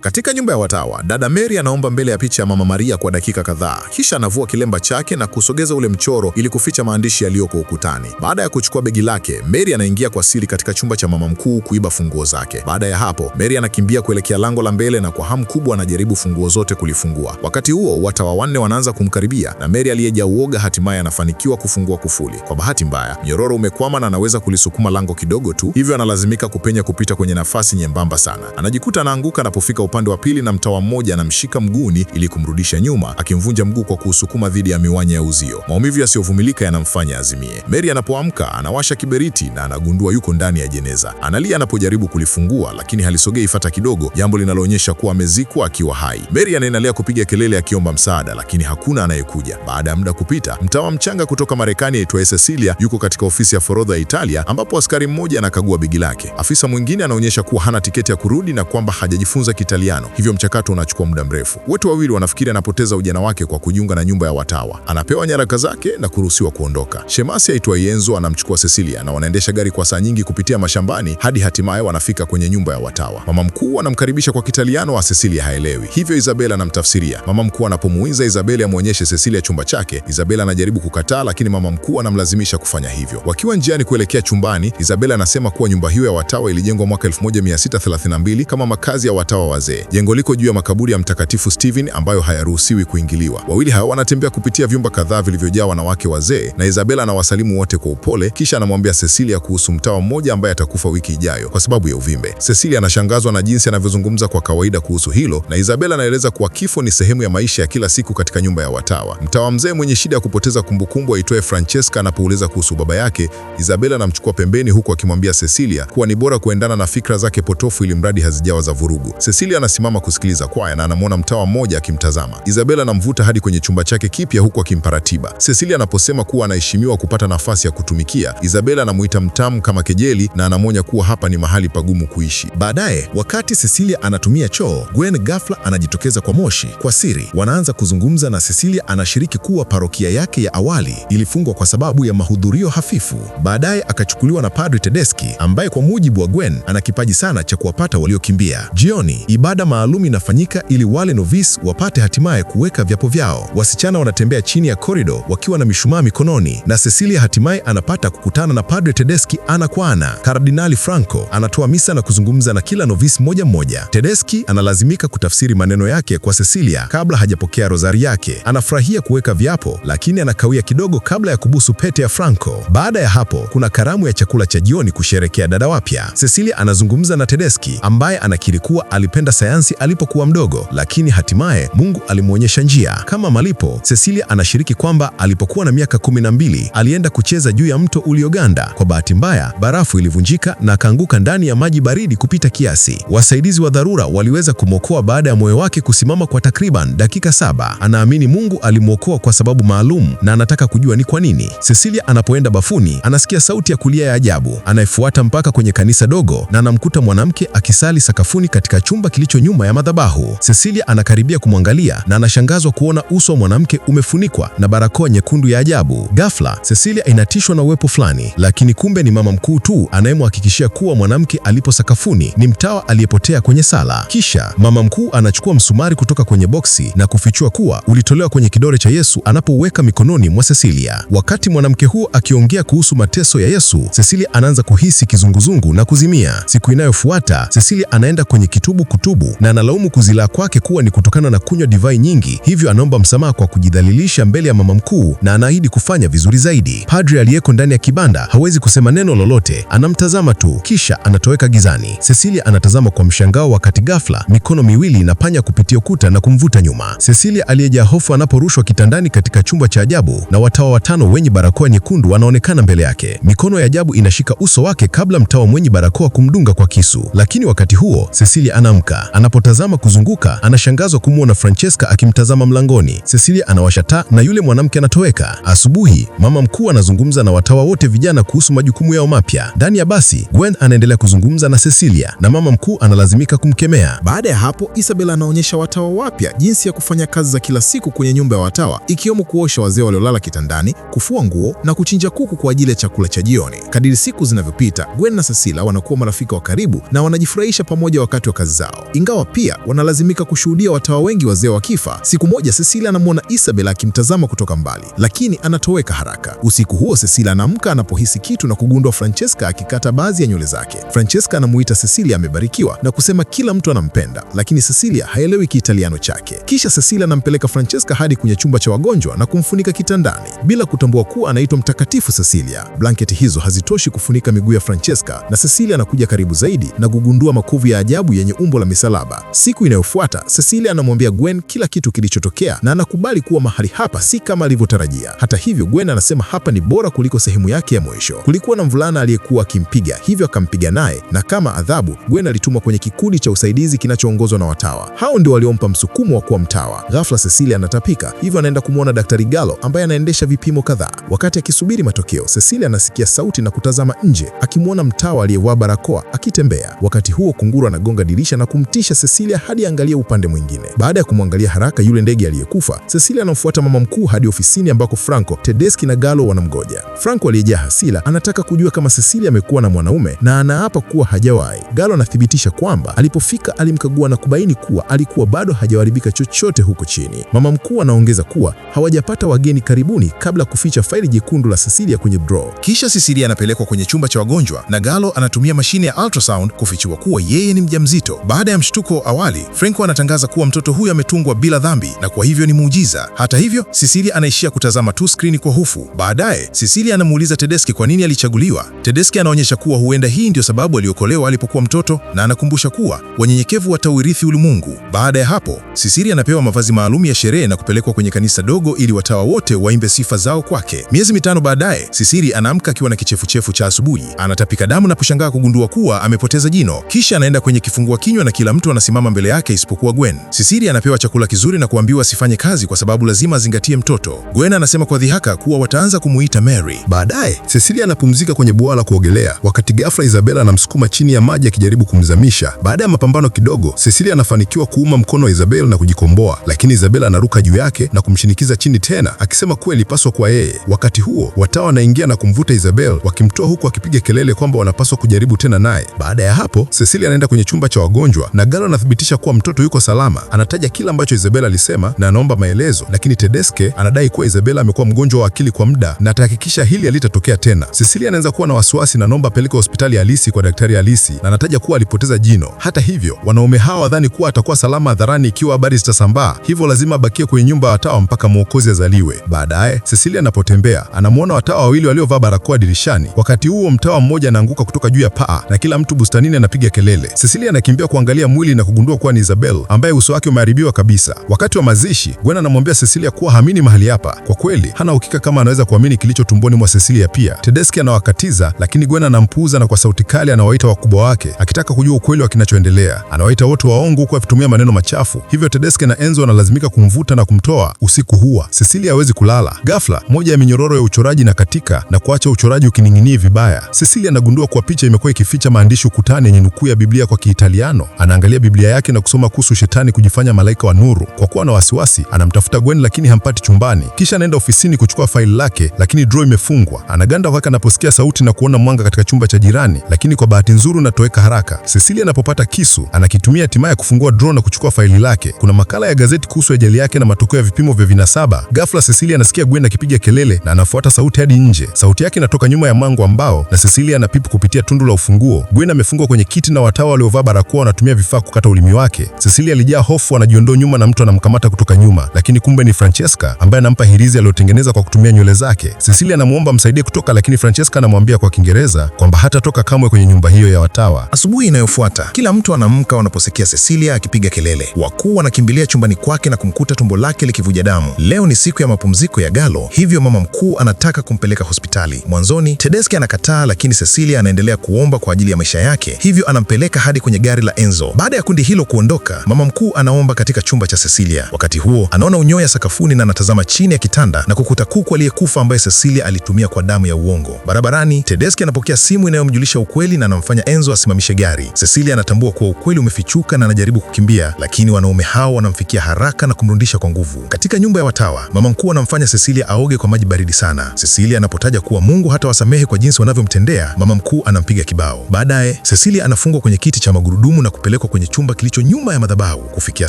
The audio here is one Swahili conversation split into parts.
Katika nyumba ya watawa, dada Mary anaomba mbele ya picha ya Mama Maria kwa dakika kadhaa, kisha anavua kilemba chake na kusogeza ule mchoro ili kuficha maandishi yaliyoko ukutani. Baada ya kuchukua begi lake, Mary anaingia kwa siri katika chumba cha mama mkuu kuiba funguo zake. Baada ya hapo, Mary anakimbia kuelekea lango la mbele na kwa hamu kubwa anajaribu funguo zote kulifungua. Wakati huo, watawa wanne wanaanza kumkaribia na Mary aliyejaa uoga hatimaye anafanikiwa kufungua kufuli. Kwa bahati mbaya, nyororo umekwama na anaweza kulisukuma lango kidogo tu, hivyo analazimika kupenya kupita kwenye nafasi nyembamba sana. Anajikuta anaanguka anapofika upande wa pili na mtawa mmoja anamshika mguuni ili kumrudisha nyuma, akimvunja mguu kwa kuusukuma dhidi ya miwanya ya uzio. Maumivu yasiyovumilika yanamfanya azimie. Mary anapoamka anawasha kiberiti na anagundua yuko ndani ya jeneza. Analia anapojaribu kulifungua, lakini halisogei fata kidogo, jambo linaloonyesha kuwa amezikwa akiwa hai. Mary anaendelea kupiga kelele akiomba msaada, lakini hakuna anayekuja. Baada ya muda kupita, mtawa mchanga kutoka Marekani aitwaye Cecilia yuko katika ofisi ya forodha ya Italia, ambapo askari mmoja anakagua begi lake. Afisa mwingine anaonyesha kuwa hana tiketi ya kurudi na kwamba hajajifunza kita makubaliano, hivyo mchakato unachukua muda mrefu. Wote wawili wanafikiri anapoteza ujana wake kwa kujiunga na nyumba ya watawa. Anapewa nyaraka zake na kuruhusiwa kuondoka. Shemasi aitwa Yenzo anamchukua Cecilia na wanaendesha gari kwa saa nyingi kupitia mashambani hadi hatimaye wanafika kwenye nyumba ya watawa. Mama mkuu anamkaribisha kwa Kitaliano wa Cecilia haelewi, hivyo Isabela anamtafsiria. Mama mkuu anapomuiza Isabela amwonyeshe Cecilia chumba chake, Isabela anajaribu kukataa, lakini mama mkuu anamlazimisha kufanya hivyo. Wakiwa njiani kuelekea chumbani, Isabela anasema kuwa nyumba hiyo ya watawa ilijengwa mwaka 1632 kama makazi ya watawa wazee wazee. Jengo liko juu ya makaburi ya Mtakatifu Stephen ambayo hayaruhusiwi kuingiliwa. Wawili hao wanatembea kupitia vyumba kadhaa vilivyojaa wanawake wazee, na Isabella anawasalimu wote kwa upole, kisha anamwambia Cecilia kuhusu mtawa mmoja ambaye atakufa wiki ijayo kwa sababu ya uvimbe. Cecilia anashangazwa na jinsi anavyozungumza kwa kawaida kuhusu hilo, na Isabella anaeleza kuwa kifo ni sehemu ya maisha ya kila siku katika nyumba ya watawa. Mtawa mzee mwenye shida ya kupoteza kumbukumbu aitwaye Francesca anapouliza kuhusu baba yake, Isabella anamchukua pembeni, huku akimwambia Cecilia kuwa ni bora kuendana na fikra zake potofu ili mradi hazijawa za vurugu. Cecilia anasimama kusikiliza kwaya na anamwona mtawa mmoja akimtazama. Isabel anamvuta hadi kwenye chumba chake kipya huku akimpa ratiba. Cecilia anaposema kuwa anaheshimiwa kupata nafasi ya kutumikia, Isabel anamuita mtamu kama kejeli na anamwonya kuwa hapa ni mahali pagumu kuishi. Baadaye, wakati Cecilia anatumia choo, Gwen ghafla anajitokeza kwa moshi. Kwa siri, wanaanza kuzungumza na Cecilia anashiriki kuwa parokia yake ya awali ilifungwa kwa sababu ya mahudhurio hafifu. Baadaye akachukuliwa na Padri Tedeschi ambaye kwa mujibu wa Gwen ana kipaji sana cha kuwapata waliokimbia. Jioni, ibada Ibada maalum inafanyika ili wale novice wapate hatimaye kuweka vyapo vyao. Wasichana wanatembea chini ya korido wakiwa na mishumaa mikononi, na Cecilia hatimaye anapata kukutana na Padre Tedeschi ana kwa ana. Kardinali Franco anatoa misa na kuzungumza na kila novice mmoja mmoja. Tedeschi analazimika kutafsiri maneno yake kwa Cecilia kabla hajapokea rozari yake. Anafurahia kuweka vyapo, lakini anakawia kidogo kabla ya kubusu pete ya Franco. Baada ya hapo, kuna karamu ya chakula cha jioni kusherekea dada wapya. Cecilia anazungumza na Tedeschi ambaye anakiri kuwa alipenda kisayansi alipokuwa mdogo, lakini hatimaye Mungu alimwonyesha njia. Kama malipo, Cecilia anashiriki kwamba alipokuwa na miaka 12 alienda kucheza juu ya mto ulioganda. Kwa bahati mbaya, barafu ilivunjika na akaanguka ndani ya maji baridi kupita kiasi. Wasaidizi wa dharura waliweza kumwokoa baada ya moyo wake kusimama kwa takriban dakika saba. Anaamini Mungu alimwokoa kwa sababu maalum na anataka kujua ni kwa nini. Cecilia anapoenda bafuni, anasikia sauti ya kulia ya ajabu anayefuata mpaka kwenye kanisa dogo na anamkuta mwanamke akisali sakafuni katika chumba kilicho kilicho nyuma ya madhabahu. Cecilia anakaribia kumwangalia na anashangazwa kuona uso wa mwanamke umefunikwa na barakoa nyekundu ya ajabu. Ghafla, Cecilia inatishwa na uwepo fulani, lakini kumbe ni mama mkuu tu anayemhakikishia kuwa mwanamke alipo sakafuni ni mtawa aliyepotea kwenye sala. Kisha mama mkuu anachukua msumari kutoka kwenye boksi na kufichua kuwa ulitolewa kwenye kidole cha Yesu anapouweka mikononi mwa Cecilia. Wakati mwanamke huo akiongea kuhusu mateso ya Yesu, Cecilia anaanza kuhisi kizunguzungu na kuzimia. Siku inayofuata, Cecilia anaenda kwenye kitubu kutubu karibu na analaumu kuzilaa kwake kuwa ni kutokana na kunywa divai nyingi, hivyo anaomba msamaha kwa kujidhalilisha mbele ya mama mkuu na anaahidi kufanya vizuri zaidi. Padri aliyeko ndani ya kibanda hawezi kusema neno lolote, anamtazama tu, kisha anatoweka gizani. Cecilia anatazama kwa mshangao, wakati ghafla mikono miwili inapanya kupitia ukuta na kumvuta nyuma. Cecilia aliyejaa hofu anaporushwa kitandani katika chumba cha ajabu, na watawa watano wenye barakoa nyekundu wanaonekana mbele yake. Mikono ya ajabu inashika uso wake kabla mtawa mwenye barakoa kumdunga kwa kisu, lakini wakati huo Cecilia anaamka. Anapotazama kuzunguka, anashangazwa kumwona Francesca akimtazama mlangoni. Cecilia anawasha taa na yule mwanamke anatoweka. Asubuhi, mama mkuu anazungumza na watawa wote vijana kuhusu majukumu yao mapya. Ndani ya basi, Gwen anaendelea kuzungumza na Cecilia na mama mkuu analazimika kumkemea. Baada ya hapo, Isabel anaonyesha watawa wapya jinsi ya kufanya kazi za kila siku kwenye nyumba ya watawa, ikiwemo kuosha wazee waliolala kitandani, kufua nguo na kuchinja kuku kwa ajili ya chakula cha jioni. Kadiri siku zinavyopita, Gwen na Cecilia wanakuwa marafiki wa karibu na wanajifurahisha pamoja wakati wa kazi zao ingawa pia wanalazimika kushuhudia watawa wengi wazee wakifa. Siku moja Cecilia anamwona Isabel akimtazama kutoka mbali, lakini anatoweka haraka. Usiku huo Cecilia anaamka anapohisi kitu na kugundua Francesca akikata baadhi ya nywele zake. Francesca anamuita Cecilia amebarikiwa na kusema kila mtu anampenda, lakini Cecilia haelewi Kiitaliano chake. Kisha Cecilia anampeleka Francesca hadi kwenye chumba cha wagonjwa na kumfunika kitandani bila kutambua kuwa anaitwa mtakatifu Cecilia. Blanketi hizo hazitoshi kufunika miguu ya Francesca na Cecilia anakuja karibu zaidi na kugundua makovu ya ajabu yenye umbo la misalaba. Siku inayofuata Cecilia anamwambia Gwen kila kitu kilichotokea na anakubali kuwa mahali hapa si kama alivyotarajia. Hata hivyo, Gwen anasema hapa ni bora kuliko sehemu yake ya mwisho. Kulikuwa na mvulana aliyekuwa akimpiga, hivyo akampiga naye, na kama adhabu Gwen alitumwa kwenye kikundi cha usaidizi kinachoongozwa na watawa. Hao ndio waliompa msukumo wa kuwa mtawa. Ghafla Cecilia anatapika, hivyo anaenda kumwona Daktari Galo ambaye anaendesha vipimo kadhaa. Wakati akisubiri matokeo, Cecilia anasikia sauti na kutazama nje, akimwona mtawa aliyevaa barakoa akitembea. Wakati huo kunguru anagonga dirisha na kum kumtisha Cecilia hadi angalie upande mwingine. Baada ya kumwangalia haraka yule ndege aliyekufa, Cecilia anamfuata mama mkuu hadi ofisini ambako Franco, Tedeschi na Galo wanamgoja. Franco aliyejaa hasira anataka kujua kama Cecilia amekuwa na mwanaume na anaapa kuwa hajawahi. Galo anathibitisha kwamba alipofika alimkagua na kubaini kuwa alikuwa bado hajaharibika chochote huko chini. Mama mkuu anaongeza kuwa hawajapata wageni karibuni, kabla kuficha faili jekundu la Cecilia kwenye draw. Kisha Cecilia anapelekwa kwenye chumba cha wagonjwa na Galo anatumia mashine ya ultrasound kufichua kuwa yeye ni mjamzito. Baada ya mshtuko awali, Franco anatangaza kuwa mtoto huyo ametungwa bila dhambi na kwa hivyo ni muujiza. Hata hivyo, Cecilia anaishia kutazama tu skrini kwa hofu. Baadaye, Cecilia anamuuliza Tedeschi kwa nini alichaguliwa. Tedeschi anaonyesha kuwa huenda hii ndio sababu aliokolewa alipokuwa mtoto na anakumbusha kuwa wanyenyekevu wataurithi ulimwengu. Baada ya hapo, Cecilia anapewa mavazi maalum ya sherehe na kupelekwa kwenye kanisa dogo ili watawa wote waimbe sifa zao kwake. Miezi mitano baadaye, Cecilia anaamka akiwa na kichefuchefu cha asubuhi, anatapika damu na kushangaa kugundua kuwa amepoteza jino. Kisha anaenda kwenye kifungua kinywa na kila kila mtu anasimama mbele yake isipokuwa Gwen. Sisiri anapewa chakula kizuri na kuambiwa asifanye kazi kwa sababu lazima azingatie mtoto. Gwen anasema kwa dhihaka kuwa wataanza kumuita Mary. Baadaye Cecilia anapumzika kwenye bwawa la kuogelea wakati ghafla Isabella anamsukuma chini ya maji akijaribu kumzamisha. Baada ya mapambano kidogo, Cecilia anafanikiwa kuuma mkono wa Isabella na kujikomboa, lakini Isabella anaruka juu yake na kumshinikiza chini tena, akisema kuwa ilipaswa kwa yeye. Wakati huo watawa wanaingia na kumvuta Isabel wakimtoa, huku akipiga kelele kwamba wanapaswa kujaribu tena naye. Baada ya hapo Cecilia anaenda kwenye chumba cha wagonjwa na Galo anathibitisha kuwa mtoto yuko salama. Anataja kila ambacho Isabella alisema na anaomba maelezo, lakini Tedeske anadai kuwa Isabella amekuwa mgonjwa wa akili kwa muda na atahakikisha hili halitatokea tena. Cecilia anaanza kuwa na wasiwasi na anaomba apelekwe hospitali halisi kwa daktari halisi, na anataja kuwa alipoteza jino. Hata hivyo, wanaume hawa wadhani kuwa atakuwa salama hadharani ikiwa habari zitasambaa, hivyo lazima abakie kwenye nyumba ya watawa mpaka mwokozi azaliwe. Baadaye Cecilia anapotembea anamwona watawa wawili waliovaa barakoa dirishani. Wakati huo mtawa mmoja anaanguka kutoka juu ya paa na kila mtu bustanini anapiga kelele. Cecilia anakimbia kuangalia mwili na kugundua kuwa ni Isabel ambaye uso wake umeharibiwa kabisa. Wakati wa mazishi, Gwen anamwambia Cecilia kuwa hamini mahali hapa. Kwa kweli hana uhakika kama anaweza kuamini kilicho tumboni mwa Cecilia. Pia tedeski anawakatiza, lakini Gwen anampuuza na kwa sauti kali anawaita wakubwa wake akitaka kujua ukweli wa kinachoendelea. Anawaita wote waongo huku akitumia maneno machafu. Hivyo tedeski na Enzo analazimika kumvuta na kumtoa. Usiku huwa Cecilia hawezi kulala. Ghafla moja ya minyororo ya uchoraji na katika na kuacha uchoraji ukining'inia vibaya. Cecilia anagundua kuwa picha imekuwa ikificha maandishi ukutani yenye nukuu ya Biblia kwa Kiitaliano anaangalia Biblia yake na kusoma kuhusu shetani kujifanya malaika wa nuru. Kwa kuwa na wasiwasi, anamtafuta Gwen lakini hampati chumbani. Kisha anaenda ofisini kuchukua faili lake, lakini draw imefungwa. Anaganda wakati anaposikia sauti na kuona mwanga katika chumba cha jirani, lakini kwa bahati nzuri unatoweka haraka. Cecilia anapopata kisu, anakitumia hatimaye kufungua draw na kuchukua faili lake. Kuna makala ya gazeti kuhusu ajali yake na matokeo ya vipimo vya vinasaba. Ghafla Cecilia anasikia Gwen akipiga kelele na anafuata sauti hadi nje. Sauti yake inatoka nyuma ya mlango ambao, na Cecilia anapipu kupitia tundu la ufunguo. Gwen amefungwa kwenye kiti na watawa waliovaa barakoa wanatumia vifaa kukata ulimi wake. Cecilia alijaa hofu, anajiondoa nyuma na mtu anamkamata kutoka nyuma, lakini kumbe ni Francesca ambaye anampa hirizi aliyotengeneza kwa kutumia nywele zake. Cecilia anamwomba msaidie kutoka, lakini Francesca anamwambia kwa Kiingereza kwamba hatatoka kamwe kwenye nyumba hiyo ya watawa. Asubuhi inayofuata kila mtu anamka wanaposikia Cecilia akipiga kelele. Wakuu wanakimbilia chumbani kwake na kumkuta tumbo lake likivuja damu. Leo ni siku ya mapumziko ya Galo, hivyo mama mkuu anataka kumpeleka hospitali. Mwanzoni tedeski anakataa, lakini Cecilia anaendelea kuomba kwa ajili ya maisha yake, hivyo anampeleka hadi kwenye gari la Enzo baada ya kundi hilo kuondoka, mama mkuu anaomba katika chumba cha Cecilia. Wakati huo anaona unyoya sakafuni na anatazama chini ya kitanda na kukuta kuku aliyekufa ambaye Cecilia alitumia kwa damu ya uongo. Barabarani, tedeski anapokea simu inayomjulisha ukweli na anamfanya Enzo asimamishe gari. Cecilia anatambua kuwa ukweli umefichuka na anajaribu kukimbia, lakini wanaume hao wanamfikia haraka na kumrundisha kwa nguvu. Katika nyumba ya watawa, mama mkuu anamfanya Cecilia aoge kwa maji baridi sana. Cecilia anapotaja kuwa Mungu hata wasamehe kwa jinsi wanavyomtendea, mama mkuu anampiga kibao. Baadaye Cecilia anafungwa kwenye kiti cha magurudumu na kupelekwa alipelekwa kwenye chumba kilicho nyuma ya madhabahu. Kufikia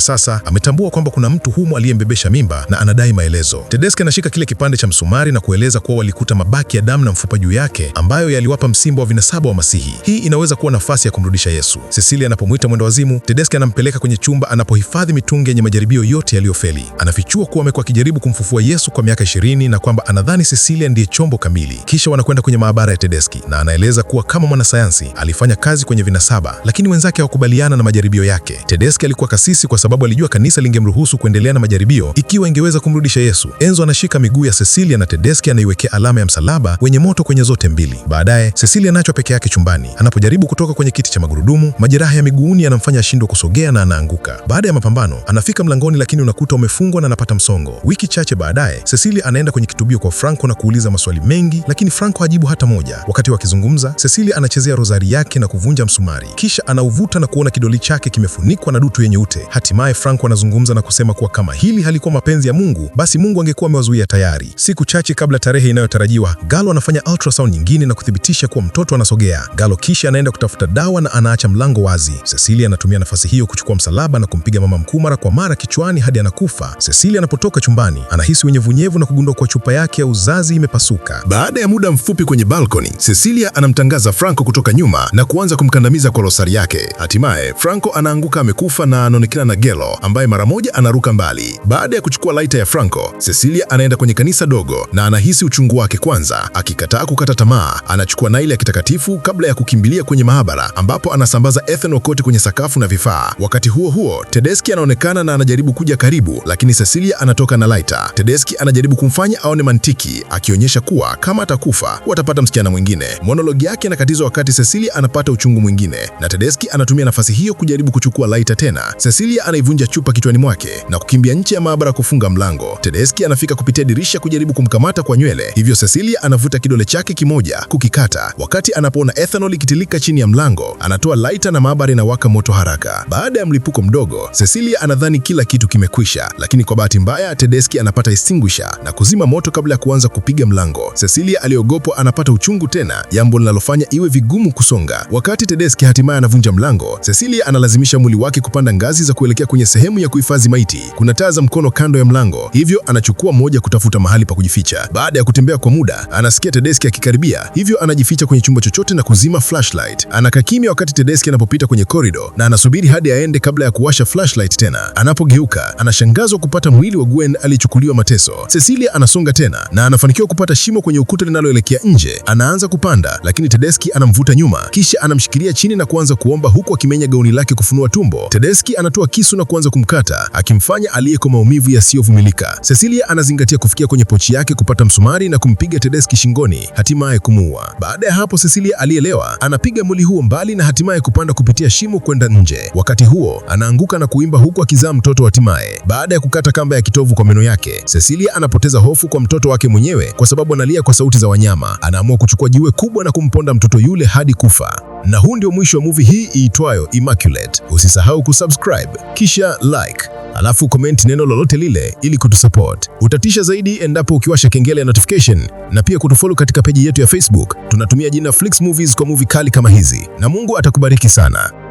sasa ametambua kwamba kuna mtu humo aliyembebesha mimba na anadai maelezo. Tedeske anashika kile kipande cha msumari na kueleza kuwa walikuta mabaki ya damu na mfupa juu yake ambayo yaliwapa msimbo wa vinasaba wa Masihi. Hii inaweza kuwa nafasi ya kumrudisha Yesu. Cecilia anapomwita mwenda wazimu, Tedeske anampeleka kwenye chumba anapohifadhi mitungi yenye majaribio yote yaliyofeli. Anafichua kuwa amekuwa akijaribu kumfufua Yesu kwa miaka 20 na kwamba anadhani Cecilia ndiye chombo kamili. Kisha wanakwenda kwenye maabara ya Tedeski na anaeleza kuwa kama mwanasayansi alifanya kazi kwenye vinasaba, lakini wenzake hawakubaliana na majaribio yake. Tedeschi alikuwa kasisi kwa sababu alijua kanisa lingemruhusu kuendelea na majaribio ikiwa ingeweza kumrudisha Yesu. Enzo anashika miguu ya Cecilia na Tedeschi anaiwekea alama ya msalaba wenye moto kwenye zote mbili. Baadaye Cecilia anaachwa peke yake chumbani. Anapojaribu kutoka kwenye kiti cha magurudumu, majeraha ya miguuni yanamfanya ashindwe kusogea na anaanguka. Baada ya mapambano, anafika mlangoni lakini unakuta umefungwa na anapata msongo. Wiki chache baadaye, Cecilia anaenda kwenye kitubio kwa Franco na kuuliza maswali mengi, lakini Franco hajibu hata moja. Wakati wakizungumza, Cecilia anachezea rozari yake na kuvunja msumari, kisha anauvuta na kuona kidole kidoli chake kimefunikwa na dutu yenye ute. Hatimaye Franco anazungumza na kusema kuwa kama hili halikuwa mapenzi ya Mungu, basi Mungu angekuwa amewazuia tayari. Siku chache kabla tarehe inayotarajiwa, Galo anafanya ultrasound nyingine na kuthibitisha kuwa mtoto anasogea. Galo kisha anaenda kutafuta dawa na anaacha mlango wazi. Cecilia anatumia nafasi hiyo kuchukua msalaba na kumpiga mama mkuu mara kwa mara kichwani hadi anakufa. Cecilia anapotoka chumbani, anahisi unyevunyevu na kugundua kuwa chupa yake ya uzazi imepasuka. Baada ya muda mfupi kwenye balkoni, Cecilia anamtangaza Franco kutoka nyuma na kuanza kumkandamiza kwa rosari yake. Hatimaye Franco anaanguka amekufa na anaonekana na Gelo ambaye mara moja anaruka mbali. Baada ya kuchukua laita ya Franco, Cecilia anaenda kwenye kanisa dogo na anahisi uchungu wake kwanza, akikataa kukata tamaa, anachukua naili ya kitakatifu kabla ya kukimbilia kwenye maabara ambapo anasambaza ethanol kote kwenye sakafu na vifaa. Wakati huo huo, tedeski anaonekana na anajaribu kuja karibu, lakini Cecilia anatoka na laita. tedeski anajaribu kumfanya aone mantiki, akionyesha kuwa kama atakufa watapata msichana mwingine. Monologi yake inakatizwa wakati Cecilia anapata uchungu mwingine na tedeski anatumia nafasi hiyo hiyo kujaribu kuchukua laita tena. Cecilia anaivunja chupa kichwani mwake na kukimbia nje ya maabara kufunga mlango. tedeski anafika kupitia dirisha kujaribu kumkamata kwa nywele, hivyo Cecilia anavuta kidole chake kimoja kukikata. Wakati anapoona ethanol ikitilika chini ya mlango, anatoa laita na maabara inawaka moto haraka. Baada ya mlipuko mdogo, Cecilia anadhani kila kitu kimekwisha, lakini kwa bahati mbaya tedeski anapata extinguisher na kuzima moto kabla ya kuanza kupiga mlango. Cecilia aliyogopwa anapata uchungu tena, jambo linalofanya iwe vigumu kusonga. Wakati Tedeski hatimaye anavunja mlango, Cecilia mwili analazimisha mwili wake kupanda ngazi za kuelekea kwenye sehemu ya kuhifadhi maiti. Kuna taa za mkono kando ya mlango, hivyo anachukua moja kutafuta mahali pa kujificha. Baada ya kutembea kwa muda, anasikia tedeski akikaribia, hivyo anajificha kwenye chumba chochote na kuzima flashlight. Anakaa kimya wakati tedeski anapopita kwenye korido na anasubiri hadi aende kabla ya kuwasha flashlight tena. Anapogeuka, anashangazwa kupata mwili wa Gwen aliyechukuliwa mateso. Cecilia anasonga tena na anafanikiwa kupata shimo kwenye ukuta linaloelekea nje. Anaanza kupanda, lakini tedeski anamvuta nyuma, kisha anamshikilia chini na kuanza kuomba huku akimenya gauni gauni lake kufunua tumbo, tedeski anatoa kisu na kuanza kumkata, akimfanya aliye kwa maumivu yasiyovumilika. Cecilia anazingatia kufikia kwenye pochi yake kupata msumari na kumpiga tedeski shingoni, hatimaye kumuua. Baada ya hapo, Cecilia aliyelewa anapiga mwili huo mbali na hatimaye kupanda kupitia shimo kwenda nje. Wakati huo anaanguka na kuimba huku akizaa mtoto hatimaye. Baada ya kukata kamba ya kitovu kwa meno yake, Cecilia anapoteza hofu kwa mtoto wake mwenyewe kwa sababu analia kwa sauti za wanyama. Anaamua kuchukua jiwe kubwa na kumponda mtoto yule hadi kufa. Na huu ndio mwisho wa movie hii iitwayo Immaculate. Usisahau kusubscribe kisha like, alafu comment neno lolote lile ili kutusupport. Utatisha zaidi endapo ukiwasha kengele ya notification na pia kutufollow katika peji yetu ya Facebook. Tunatumia jina Flix Movies kwa movie kali kama hizi, na Mungu atakubariki sana.